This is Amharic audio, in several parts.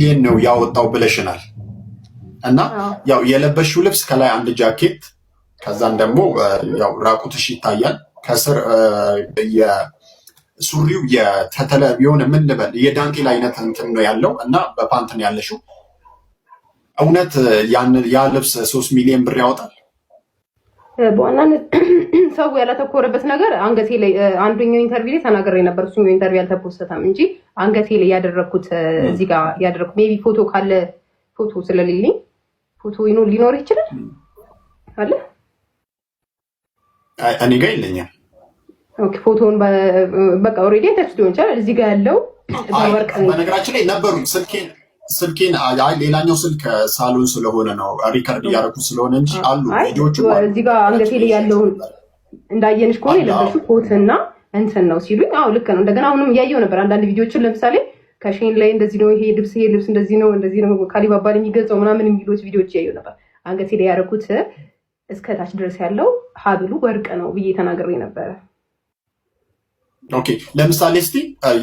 ሚሊየን ነው ያወጣው ብለሽናል። እና ያው የለበሽው ልብስ ከላይ አንድ ጃኬት፣ ከዛም ደግሞ ያው ራቁትሽ ይታያል። ከስር የሱሪው የተተለ ቢሆን የምንበል የዳንቴል አይነት እንትን ነው ያለው እና በፓንት ነው ያለሽው። እውነት ያ ልብስ ሶስት ሚሊየን ብር ያወጣል? በዋናነት ሰው ያላተኮረበት ነገር አንገቴ ላይ አንዱኛው ኢንተርቪው ላይ ተናግሬ ነበር። እሱኛው ኢንተርቪው አልተፖሰተም እንጂ አንገቴ ላይ ያደረግኩት እዚህ ጋር ያደረግኩት ሜይ ቢ ፎቶ ካለ ፎቶ ስለሌለኝ ፎቶ ይኖ ሊኖር ይችላል አለ እኔ ጋ ይለኛል። ፎቶውን በቃ ኦልሬዲ ተችቶ ሊሆን ይችላል። እዚህ ጋር ያለው በነገራችን ላይ ነበሩኝ ስልኬ ስልኬን ሌላኛው ስልክ ሳሎን ስለሆነ ነው ሪከርድ እያደረኩ ስለሆነ እንጂ አሉ ቪዲዮቹ እዚህ ጋር አንገቴ ላይ ያለውን እንዳየንሽ ከሆነ የለበሹ ኮትና እንትን ነው ሲሉኝ፣ አዎ ልክ ነው። እንደገና አሁንም እያየው ነበር አንዳንድ ቪዲዮችን ለምሳሌ ከሼን ላይ እንደዚህ ነው ይሄ ልብስ ይሄ ልብስ እንደዚህ ነው እንደዚህ ነው ካሊባባል የሚገልጸው ምናምን የሚሉት ቪዲዮች እያየው ነበር። አንገቴ ላይ ያደረኩት እስከታች ድረስ ያለው ሀብሉ ወርቅ ነው ብዬ ተናግሬ ነበረ። ኦኬ ለምሳሌ እስቲ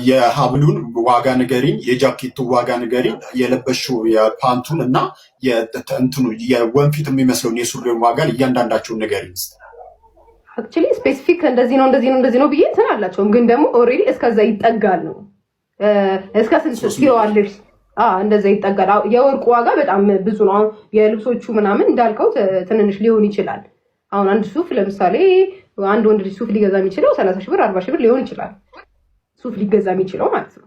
የሀብሉን ዋጋ ንገሪኝ፣ የጃኬቱ ዋጋ ንገሪኝ፣ የለበሽው የፓንቱን እና የእንትኑ የወንፊት የሚመስለውን የሱሪውን ዋጋ እያንዳንዳቸውን ንገሪኝ። አክቹሊ ስፔሲፊክ እንደዚህ ነው እንደዚህ ነው እንደዚህ ነው ብዬ እንትን አላቸውም፣ ግን ደግሞ ኦልሬዲ እስከዛ ይጠጋል ነው እስከ ስልስ ዋለች እንደዛ ይጠጋል። የወርቁ ዋጋ በጣም ብዙ ነው። የልብሶቹ ምናምን እንዳልከው ትንንሽ ሊሆን ይችላል። አሁን አንድ ሱፍ ለምሳሌ አንድ ወንድ ልጅ ሱፍ ሊገዛ የሚችለው ሰላሳ ሺህ ብር አርባ ሺህ ብር ሊሆን ይችላል። ሱፍ ሊገዛ የሚችለው ማለት ነው።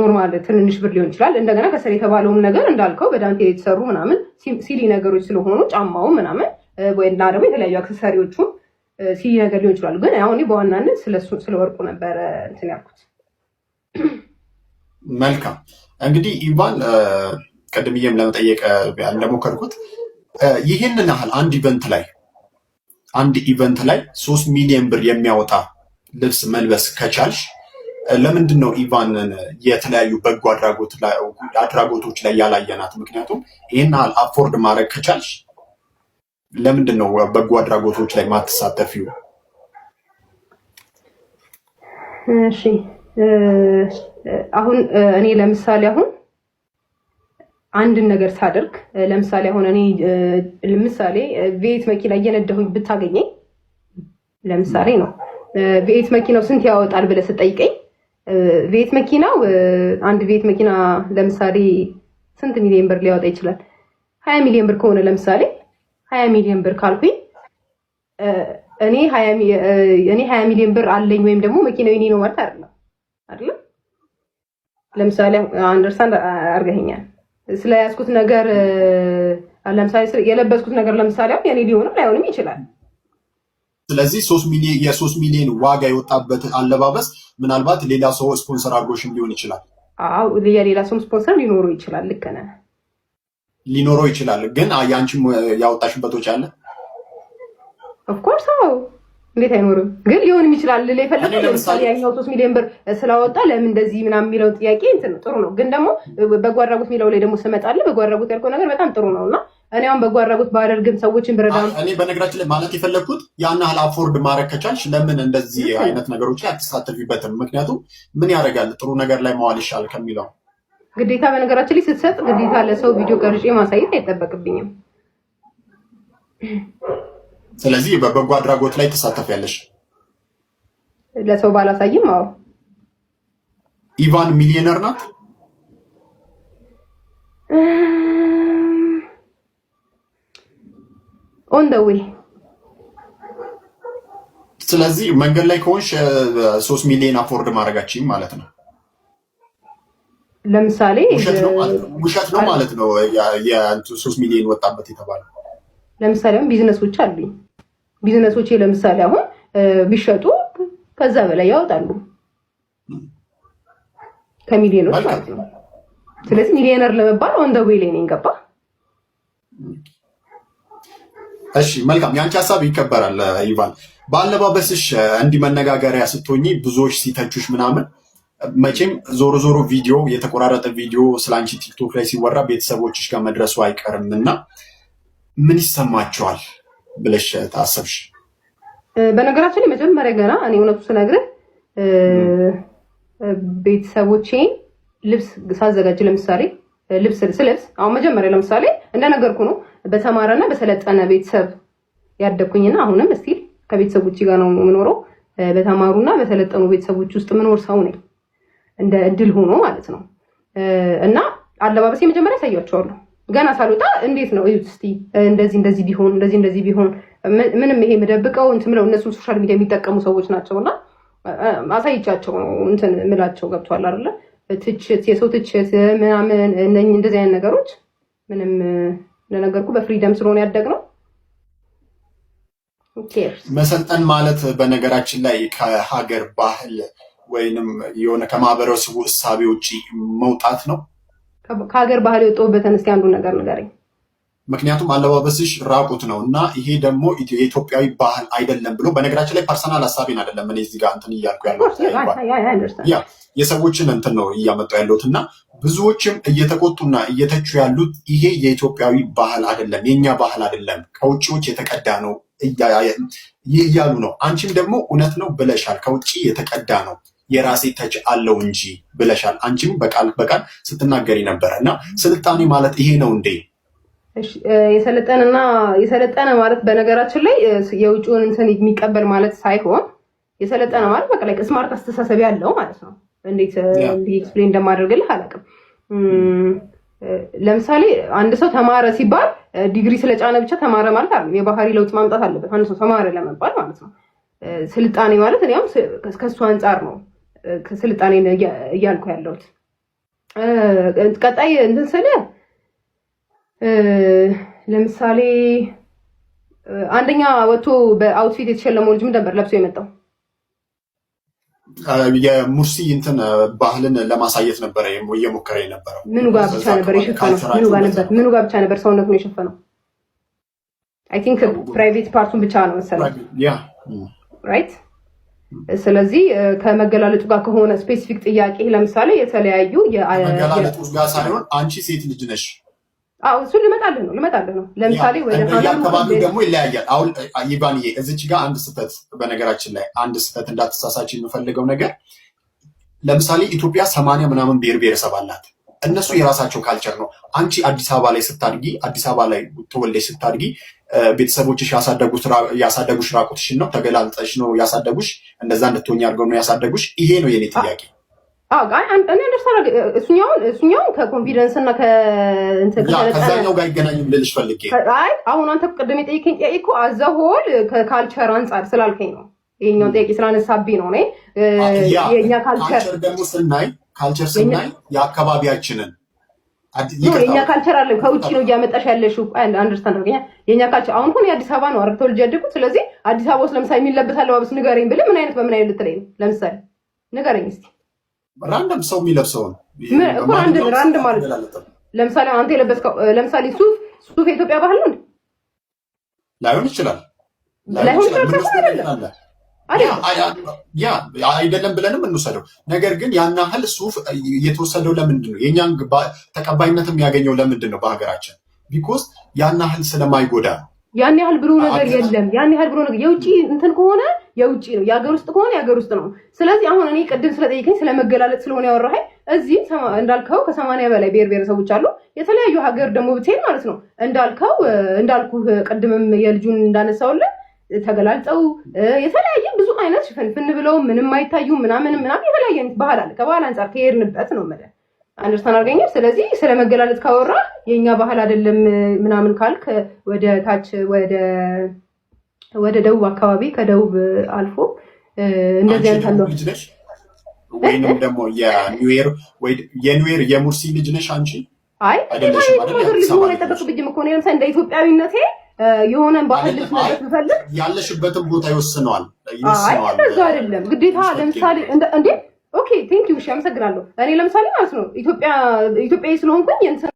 ኖርማል ትንንሽ ብር ሊሆን ይችላል። እንደገና ከስር የተባለውም ነገር እንዳልከው በዳንቴል የተሰሩ ምናምን ሲሊ ነገሮች ስለሆኑ ጫማው ምናምን ወይና ደግሞ የተለያዩ አክሰሰሪዎቹ ሲሊ ነገር ሊሆን ይችላሉ። ግን አሁን በዋናነት ስለ ወርቁ ነበረ እንትን ያልኩት። መልካም እንግዲህ ኢቫን ቅድምዬም ለመጠየቅ እንደሞከርኩት ይህንን ያህል አንድ ኢቨንት ላይ አንድ ኢቨንት ላይ ሶስት ሚሊዮን ብር የሚያወጣ ልብስ መልበስ ከቻልሽ ለምንድን ነው ኢቫንን የተለያዩ በጎ አድራጎቶች ላይ ያላየናት? ምክንያቱም ይህን ያህል አፎርድ ማድረግ ከቻልሽ ለምንድን ነው በጎ አድራጎቶች ላይ ማትሳተፊው? እሺ አሁን እኔ ለምሳሌ አሁን አንድን ነገር ሳደርግ ለምሳሌ አሁን እኔ ለምሳሌ ቤት መኪና እየነዳሁኝ ብታገኘኝ ለምሳሌ ነው ቤት መኪናው ስንት ያወጣል ብለህ ስጠይቀኝ ቤት መኪናው አንድ ቤት መኪና ለምሳሌ ስንት ሚሊዮን ብር ሊያወጣ ይችላል? ሀያ ሚሊዮን ብር ከሆነ ለምሳሌ ሀያ ሚሊዮን ብር ካልኩኝ እኔ ሀያ ሚሊዮን ብር አለኝ ወይም ደግሞ መኪናው የኔ ነው ማለት አይደለም። ለምሳሌ አንደርስታንድ አድርገኸኛል። ስለያዝኩት ነገር ለምሳሌ የለበስኩት ነገር ለምሳሌ አሁን የኔ ሊሆንም ላይሆንም ይችላል። ስለዚህ የሶስት ሚሊዮን ዋጋ የወጣበት አለባበስ ምናልባት ሌላ ሰው ስፖንሰር አድርጎሽም ሊሆን ይችላል። አዎ የሌላ ሰው ስፖንሰር ሊኖረው ይችላል። ልክ ነህ፣ ሊኖረው ይችላል። ግን የአንቺም ያወጣሽበት ወጪ አለ ኦፍኮርስ። አዎ እንዴት አይኖርም? ግን ሊሆንም ይችላል ልል የፈለገው ለምሳሌ ያኛው ሶስት ሚሊዮን ብር ስላወጣ ለምን እንደዚህ ምናምን የሚለው ጥያቄ እንትን ጥሩ ነው። ግን ደግሞ በጎ አድራጎት የሚለው ላይ ደግሞ ስመጣለ በጎ አድራጎት ያልከው ነገር በጣም ጥሩ ነው እና እኔ አሁን በጎ አድራጎት ባደርግም ሰዎችን ብረዳ እኔ በነገራችን ላይ ማለት የፈለግኩት ያን ያህል አፎርድ ማድረግ ከቻልሽ ለምን እንደዚህ አይነት ነገሮች ላይ አትሳተፊበትም? ምክንያቱም ምን ያደርጋል ጥሩ ነገር ላይ መዋል ይሻል ከሚለው ግዴታ። በነገራችን ላይ ስትሰጥ ግዴታ ለሰው ቪዲዮ ቀርጬ ማሳየት አይጠበቅብኝም። ስለዚህ በበጎ አድራጎት ላይ ትሳተፊያለሽ? ለሰው ባላሳይም። አዎ። ኢቫን ሚሊዮነር ናት? ኦን ደ ዌይ። ስለዚህ መንገድ ላይ ከሆንሽ ሶስት ሚሊዮን አፎርድ ማድረጋችን ማለት ነው። ለምሳሌ ውሸት ነው ማለት ነው። ሶስት ሚሊዮን ወጣበት የተባለው ለምሳሌ ቢዝነሶች አሉኝ ቢዝነሶቼ ለምሳሌ አሁን ቢሸጡ ከዛ በላይ ያወጣሉ ከሚሊዮኖች ማለት ነው። ስለዚህ ሚሊዮነር ለመባል ኦን ዘ ዌይ ላይ ነኝ። ገባ? እሺ መልካም። ያንቺ ሀሳብ ይከበራል ይባል። በአለባበስሽ እንዲህ መነጋገሪያ ስትሆኚ ብዙዎች ሲተቹሽ ምናምን መቼም ዞሮ ዞሮ ቪዲዮ የተቆራረጠ ቪዲዮ ስለ አንቺ ቲክቶክ ላይ ሲወራ ቤተሰቦችሽ ጋር መድረሱ አይቀርም እና ምን ይሰማቸዋል? ብለሽ ታሰብሽ? በነገራችን ላይ መጀመሪያ ገና እኔ እውነቱ ስነግርህ ቤተሰቦቼ ልብስ ሳዘጋጅ ለምሳሌ ልብስ ስለብስ አሁን መጀመሪያ ለምሳሌ እንደነገርኩ ነው በተማረና በሰለጠነ ቤተሰብ ያደግኩኝና አሁንም እስቲል ከቤተሰቦ ጋር ነው የምኖረው። በተማሩና በሰለጠኑ ቤተሰቦች ውስጥ የምኖር ሰው ነኝ፣ እንደ እድል ሆኖ ማለት ነው። እና አለባበሴ መጀመሪያ ያሳያቸዋለሁ ገና ሳልወጣ እንዴት ነው እዩት እስኪ እንደዚህ እንደዚህ ቢሆን እንደዚህ እንደዚህ ቢሆን ምንም ይሄ የምደብቀው እንትን ምለው እነሱ ሶሻል ሚዲያ የሚጠቀሙ ሰዎች እና አሳይቻቸው እንትን ምላቸው ገብቷል አይደለ ትችት የሰው ትችት ምናምን እንደዚህ አይነት ነገሮች ምንም እንደነገርኩ በፍሪደም ስለሆነ ያደግ ነው። መሰልጠን ማለት በነገራችን ላይ ከሀገር ባህል ወይንም የሆነ ከማህበረሰቡ እሳቤ ውጭ መውጣት ነው ከሀገር ባህል የወጣሁበትን እስኪ አንዱ ነገር ንገረኝ። ምክንያቱም አለባበስሽ ራቁት ነው እና ይሄ ደግሞ የኢትዮጵያዊ ባህል አይደለም ብሎ በነገራችን ላይ ፐርሰናል ሀሳቤን አይደለም እኔ እዚህ ጋር እንትን እያልኩ ያለሁት ያ የሰዎችን እንትን ነው እያመጡ ያለሁት እና ብዙዎችም እየተቆጡና እየተቹ ያሉት ይሄ የኢትዮጵያዊ ባህል አይደለም፣ የእኛ ባህል አይደለም፣ ከውጭዎች የተቀዳ ነው እያሉ ነው። አንቺም ደግሞ እውነት ነው ብለሻል፣ ከውጭ የተቀዳ ነው የራሴ ተች አለው እንጂ ብለሻል። አንቺም በቃል በቃል ስትናገሪ ነበረ እና ስልጣኔ ማለት ይሄ ነው እንዴ? የሰለጠነና የሰለጠነ ማለት በነገራችን ላይ የውጭውን እንትን የሚቀበል ማለት ሳይሆን የሰለጠነ ማለት በቃ ላይ ስማርት አስተሳሰብ ያለው ማለት ነው። እንዴት ኤክስፕሌን እንደማደርግልህ አላውቅም። ለምሳሌ አንድ ሰው ተማረ ሲባል ዲግሪ ስለጫነ ብቻ ተማረ ማለት አለ የባህሪ ለውጥ ማምጣት አለበት አንድ ሰው ተማረ ለመባል ማለት ነው። ስልጣኔ ማለት እኔም ከሱ አንጻር ነው ስልጣኔ እያልኩ ያለሁት። ቀጣይ እንትን ስለ ለምሳሌ አንደኛ ወጥቶ በአውትፊት የተሸለመው ልጅ ምን ነበር ለብሶ የመጣው? የሙርሲ እንትን ባህልን ለማሳየት ነበረ እየሞከረ የነበረው። ምኑ ጋር ብቻ ነበር የሸፈነው? ምኑ ጋር ብቻ ነበር ሰውነቱን የሸፈነው? አይ ቲንክ ፕራይቬት ፓርቱን ብቻ ነው መሰለኝ ራይት ስለዚህ ከመገላለጡ ጋር ከሆነ ስፔሲፊክ ጥያቄ ለምሳሌ የተለያዩ መገላለጡ ጋር ሳይሆን አንቺ ሴት ልጅ ነሽ። አዎ እሱን ልመጣልህ ነው ልመጣልህ ነው። ለምሳሌ ደግሞ ይለያያል። አሁን ይባንዬ እዚች ጋር አንድ ስህተት፣ በነገራችን ላይ አንድ ስህተት እንዳትሳሳች የምፈልገው ነገር ለምሳሌ ኢትዮጵያ ሰማንያ ምናምን ብሔር ብሔረሰብ አላት። እነሱ የራሳቸው ካልቸር ነው። አንቺ አዲስ አበባ ላይ ስታድጊ፣ አዲስ አበባ ላይ ተወልደሽ ስታድጊ ቤተሰቦችሽ ያሳደጉሽ ራቁትሽን ነው ተገላልጠሽ ነው ያሳደጉሽ፣ እንደዛ እንድትሆኝ አድርገው ነው ያሳደጉሽ። ይሄ ነው የኔ ጥያቄ። እኔ እሱኛውን ከኮንፊደንስ እና ከዛኛው ጋር ይገናኝም ልልሽ ፈልጌ። አይ አሁን አንተ ቅድም የጠየቀኝ ጥያቄ እኮ አዘሆል ከካልቸር አንጻር ስላልከኝ ነው ይሄኛውን ጥያቄ ስላነሳብኝ ነው። የእኛ ካልቸር ደግሞ ስናይ ካልቸር ስናይ የአካባቢያችንን የኛ ካልቸር አለ። ከውጭ ነው እያመጣሽ ያለሽው። አንደርስታንድ አድርገኛ የኛ ካልቸር አሁን ሁን የአዲስ አበባ ነው አረብ ልጅ ያደግኩት። ስለዚህ አዲስ አበባ ውስጥ ለምሳሌ የሚለብስ አለባበስ ንገረኝ ብለህ ምን አይነት በምን አይነት ልትለኝ ነው? ለምሳሌ ንገረኝ እስኪ። ራንደም ሰው የሚለብሰው ነው እኮ ራንደም ማለት ነው። ለምሳሌ አንተ የለበስከው ለምሳሌ ሱፍ ሱፍ የኢትዮጵያ ባህል ነው ላይሆን ይችላል ላይሆን ይችላል አይደለም ብለንም እንውሰደው። ነገር ግን ያን ያህል ሱፍ የተወሰደው ለምንድን ነው? የእኛን ተቀባይነት የሚያገኘው ለምንድን ነው? በሀገራችን ቢኮስ ያን ያህል ስለማይጎዳ ነው። ያን ያህል ብሎ ነገር የለም። ያን ያህል ብሎ ነገር የውጭ እንትን ከሆነ የውጭ ነው፣ የሀገር ውስጥ ከሆነ የሀገር ውስጥ ነው። ስለዚህ አሁን እኔ ቅድም ስለጠይቀኝ ስለመገላለጥ ስለሆነ ያወራኸኝ እዚህ እንዳልከው ከሰማንያ በላይ ብሔር ብሔረሰቦች አሉ። የተለያዩ ሀገር ደግሞ ብትሄድ ማለት ነው እንዳልከው እንዳልኩ ቅድምም የልጁን እንዳነሳውልን ተገላልጠው የተለያየ ብዙ አይነት ሽፍንፍን ብለው ምንም አይታዩ ምናምን ምናምን የተለያየ ባህል አለ። ከባህል አንጻር ከሄድንበት ነው መደ አንደርስታን አርገኘ። ስለዚህ ስለ መገላለጥ ካወራ የእኛ ባህል አይደለም ምናምን ካልክ ወደ ታች ወደ ወደ ደቡብ አካባቢ ከደቡብ አልፎ እንደዚህ አይነት አለ ወይንም ደግሞ የኒውር የኒውር የሙርሲ ልጅ ነሽ አንቺ? አይ ሀገር ልጅ መሆን አይጠበቅብኝም እኮ ነው ለምሳሌ እንደ ኢትዮጵያዊነቴ የሆነ ባህል ልትመለስ ብፈልግ ያለሽበትን ቦታ ይወስነዋል። እንደዛ አይደለም ግዴታ። ለምሳሌ እንዴ ኦኬ ቴንክ ዩ እሺ፣ አመሰግናለሁ። እኔ ለምሳሌ ማለት ነው ኢትዮጵያ ኢትዮጵያዊ ስለሆንኩኝ